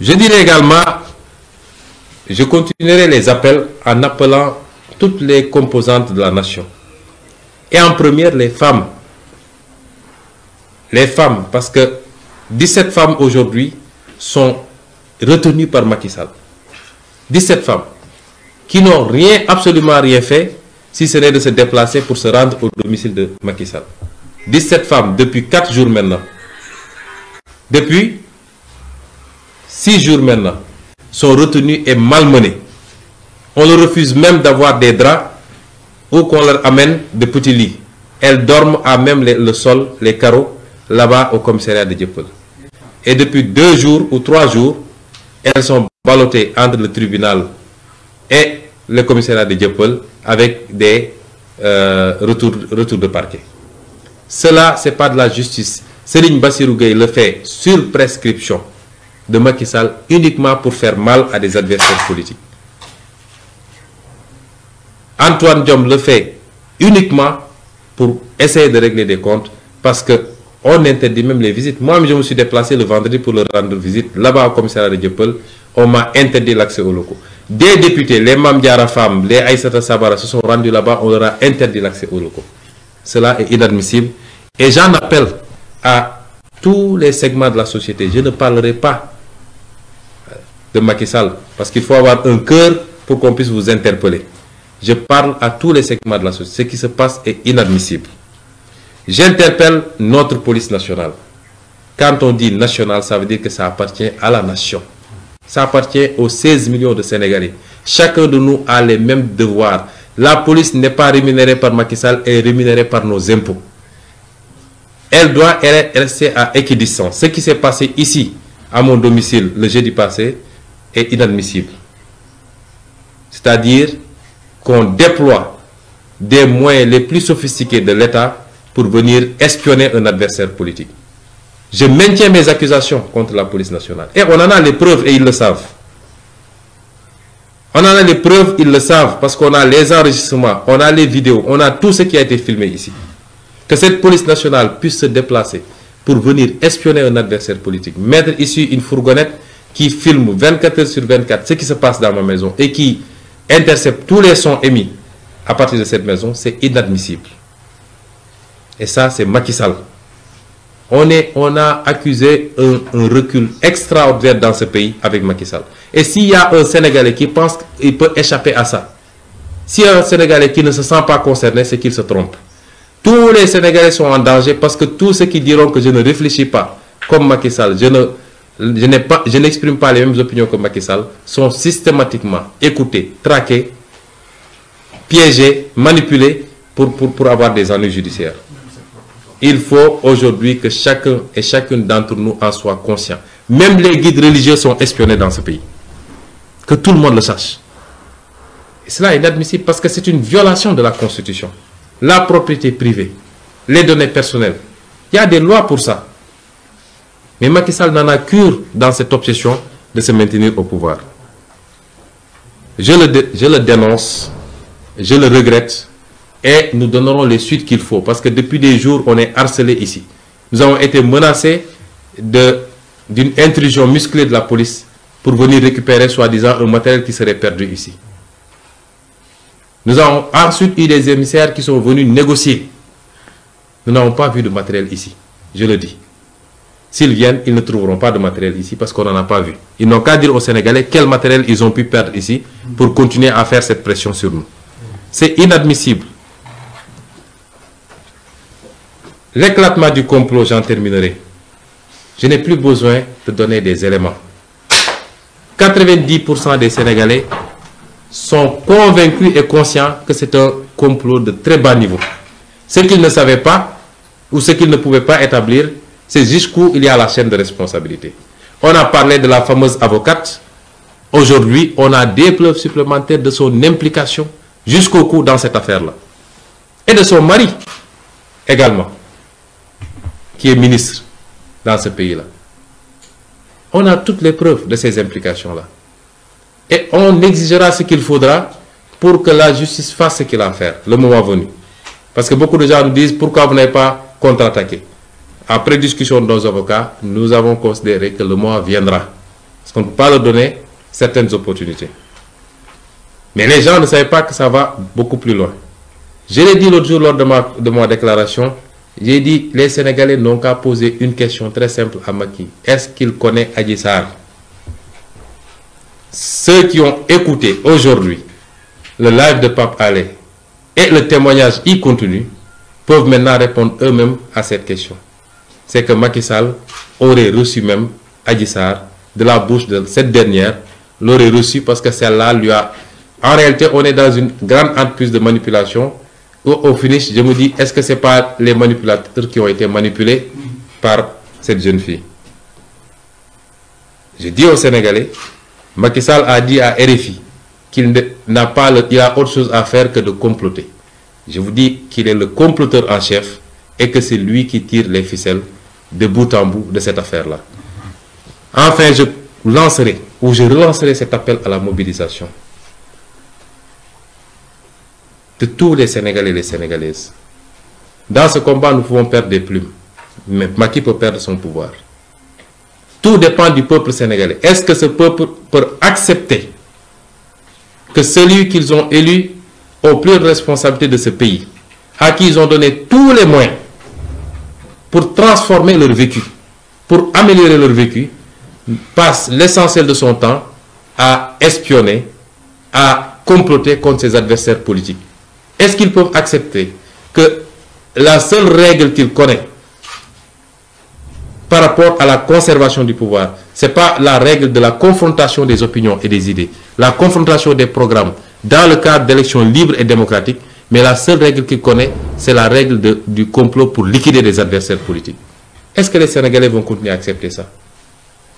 Je dirais également, je continuerai les appels en appelant toutes les composantes de la nation. Et en première, les femmes. Les femmes, parce que 17 femmes aujourd'hui sont retenues par Macky Sall. 17 femmes qui n'ont rien, absolument rien fait si ce n'est de se déplacer pour se rendre au domicile de Macky Sall. 17 femmes depuis 4 jours maintenant. Depuis 6 jours maintenant sont retenues et malmenées. On leur refuse même d'avoir des draps ou qu'on leur amène de petits lits. Elles dorment à même les, le sol, les carreaux, là-bas au commissariat de Dieppel. Et depuis deux jours ou trois jours, elles sont ballottées entre le tribunal et le commissariat de Dieppel. avec des euh, retours, de parquet. Cela, ce n'est pas de la justice. Céline Bassirou le fait sur prescription de Macky Sall uniquement pour faire mal à des adversaires politiques. Antoine Diom le fait uniquement pour essayer de régler des comptes parce que on interdit même les visites. Moi, je me suis déplacé le vendredi pour leur rendre visite là-bas au commissariat de Diopel. On m'a interdit l'accès aux locaux. des députés, les Mam Diara femmes, les Aïssata Sabara se sont rendus là-bas, on leur a interdit l'accès aux locaux. Cela est inadmissible. Et j'en appelle à tous les segments de la société. Je ne parlerai pas euh, de Macky Sall, parce qu'il faut avoir un cœur pour qu'on puisse vous interpeller. Je parle à tous les segments de la société. Ce qui se passe est inadmissible. J'interpelle notre police nationale. Quand on dit nationale, ça veut dire que ça appartient à la nation. Ça appartient aux 16 millions de Sénégalais. Chacun de nous a les mêmes devoirs. La police n'est pas rémunérée par Macky Sall, elle est rémunérée par nos impôts. Elle doit rester à équidistance. Ce qui s'est passé ici, à mon domicile, le jeudi passé, est inadmissible. C'est-à-dire qu'on déploie des moyens les plus sophistiqués de l'État pour venir espionner un adversaire politique. Je maintiens mes accusations contre la police nationale. Et on en a les preuves et ils le savent. On en a les preuves, ils le savent, parce qu'on a les enregistrements, on a les vidéos, on a tout ce qui a été filmé ici. Que cette police nationale puisse se déplacer pour venir espionner un adversaire politique, mettre ici une fourgonnette qui filme 24 heures sur 24 ce qui se passe dans ma maison et qui intercepte tous les sons émis à partir de cette maison, c'est inadmissible. Et ça, c'est Macky Sall. on, est, a accusé un, un, recul extraordinaire dans ce pays avec Macky Sall. Et s'il y a un Sénégalais qui pense qu'il peut échapper à ça, s'il y a un Sénégalais qui ne se sent pas concerné, c'est qu'il se trompe. Tous les Sénégalais sont en danger parce que tous ceux qui diront que je ne réfléchis pas comme Macky je ne je n'exprime pas, pas les mêmes opinions que Macky Sall, sont systématiquement écoutés, traqués, piégés, manipulés pour, pour, pour avoir des ennuis judiciaires. il faut aujourd'hui que chacun et chacune d'entre nous en soit conscient. Même les guides religieux sont espionnés dans ce pays. Que tout le monde le sache. Et cela est inadmissible parce que c'est une violation de la Constitution. La propriété privée, les données personnelles. Il y a des lois pour ça. Mais Macky Sall n'en a cure dans cette obsession de se maintenir au pouvoir. Je je le dénonce, je le regrette et nous donnerons les suites qu'il faut parce que depuis des jours on est harcelé ici nous avons été menacés de d'une intrusion musclée de la police pour venir récupérer soi-disant un matériel qui serait perdu ici nous avons ensuite eu des émissaires qui sont venus négocier nous n'avons pas vu de matériel ici je le dis s'ils viennent ils ne trouveront pas de matériel ici parce qu'on n'en a pas vu ils n'ont qu'à dire aux Sénégalais quel matériel ils ont pu perdre ici L'éclatement du complot, j'en terminerai. Je n'ai plus besoin de donner des éléments. 90% des Sénégalais sont convaincus et conscients que c'est un complot de très bas niveau. Ce qu'ils ne savaient pas ou ce qu'ils ne pouvaient pas établir, c'est jusqu'où il y a la chaîne de responsabilité. On a parlé de la fameuse avocate. Aujourd'hui, on a des preuves supplémentaires de son implication jusqu'au coup dans cette affaire-là. Et de son mari également. qui ministre dans ce pays-là. On a toutes les preuves de ces implications-là. Et on exigera ce qu'il faudra pour que la justice fasse ce qu'il a à faire, le moment venu. Parce que beaucoup de gens nous disent pourquoi vous n'avez pas contre Après discussion de nos avocats, nous avons considéré que le mois viendra. Parce qu'on ne peut pas leur donner certaines opportunités. Mais les gens ne savaient pas que ça va beaucoup plus loin. Je dit l'autre jour J'ai dit, les Sénégalais n'ont qu'à poser une question très simple à Maki. Est-ce qu'il connaît Adjissar Ceux qui ont écouté aujourd'hui le live de Pape Allais et le témoignage y contenu peuvent maintenant répondre eux-mêmes à cette question. C'est que Macky Sall aurait reçu même Adjissar de la bouche de cette dernière, l'aurait reçu parce que celle-là lui a... En réalité, on est dans une grande entreprise de manipulation au, finish, je me dis, est-ce que ce pas les manipulateurs qui ont été manipulés par cette jeune fille Je dis aux Sénégalais, Macky Sall a dit à RFI qu'il n'a pas le, il a autre chose à faire que de comploter. Je vous dis qu'il est le comploteur en chef et que c'est lui qui tire les ficelles de bout en bout de cette affaire-là. Enfin, je lancerai ou je relancerai cet appel à la mobilisation. de tous les Sénégalais et les Sénégalaises. Dans ce combat, nous pouvons perdre des plumes, mais Macky peut perdre son pouvoir. Tout dépend du peuple sénégalais. Est-ce que ce peuple peut accepter que celui qu'ils ont élu au plus de de ce pays, à qui ils ont donné tous les moyens pour transformer leur vécu, pour améliorer leur vécu, passe l'essentiel de son temps à espionner, à comploter contre ses adversaires politiques. est-ce qu'ils peuvent accepter que la seule règle qu'ils connaissent par rapport à la conservation du pouvoir, c'est pas la règle de la confrontation des opinions et des idées, la confrontation des programmes dans le cadre d'élections libres et démocratiques, mais la seule règle qu'ils connaissent, c'est la règle de, du complot pour liquider les adversaires politiques. Est-ce que les Sénégalais vont continuer à accepter ça?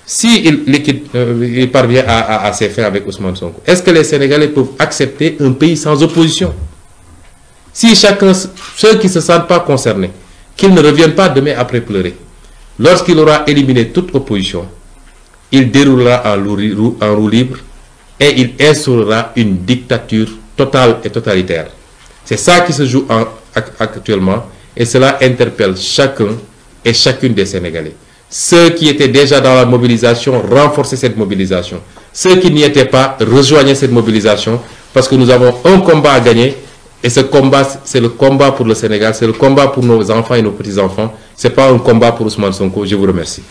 Si il euh, parvient à, à, à ses fins avec Ousmane ce que les Sénégalais peuvent accepter un Si chacun, ceux qui ne se sentent pas concernés, qu'ils ne reviennent pas demain après pleurer. Lorsqu'il aura éliminé toute opposition, il déroulera en roue libre et il instaurera une dictature totale et totalitaire. C'est ça qui se joue en, actuellement et cela interpelle chacun et chacune des Sénégalais. Ceux qui étaient déjà dans la mobilisation, renforcez cette mobilisation. Ceux qui n'y étaient pas, rejoignez cette mobilisation parce que nous avons un combat Et c'est le combat pour le Sénégal, c'est le combat pour nos enfants et nos petits-enfants. Ce pas un combat pour Ousmane Sonko. Je vous remercie.